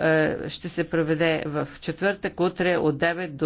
Е, ще се проведе в четвъртък, утре от 9 до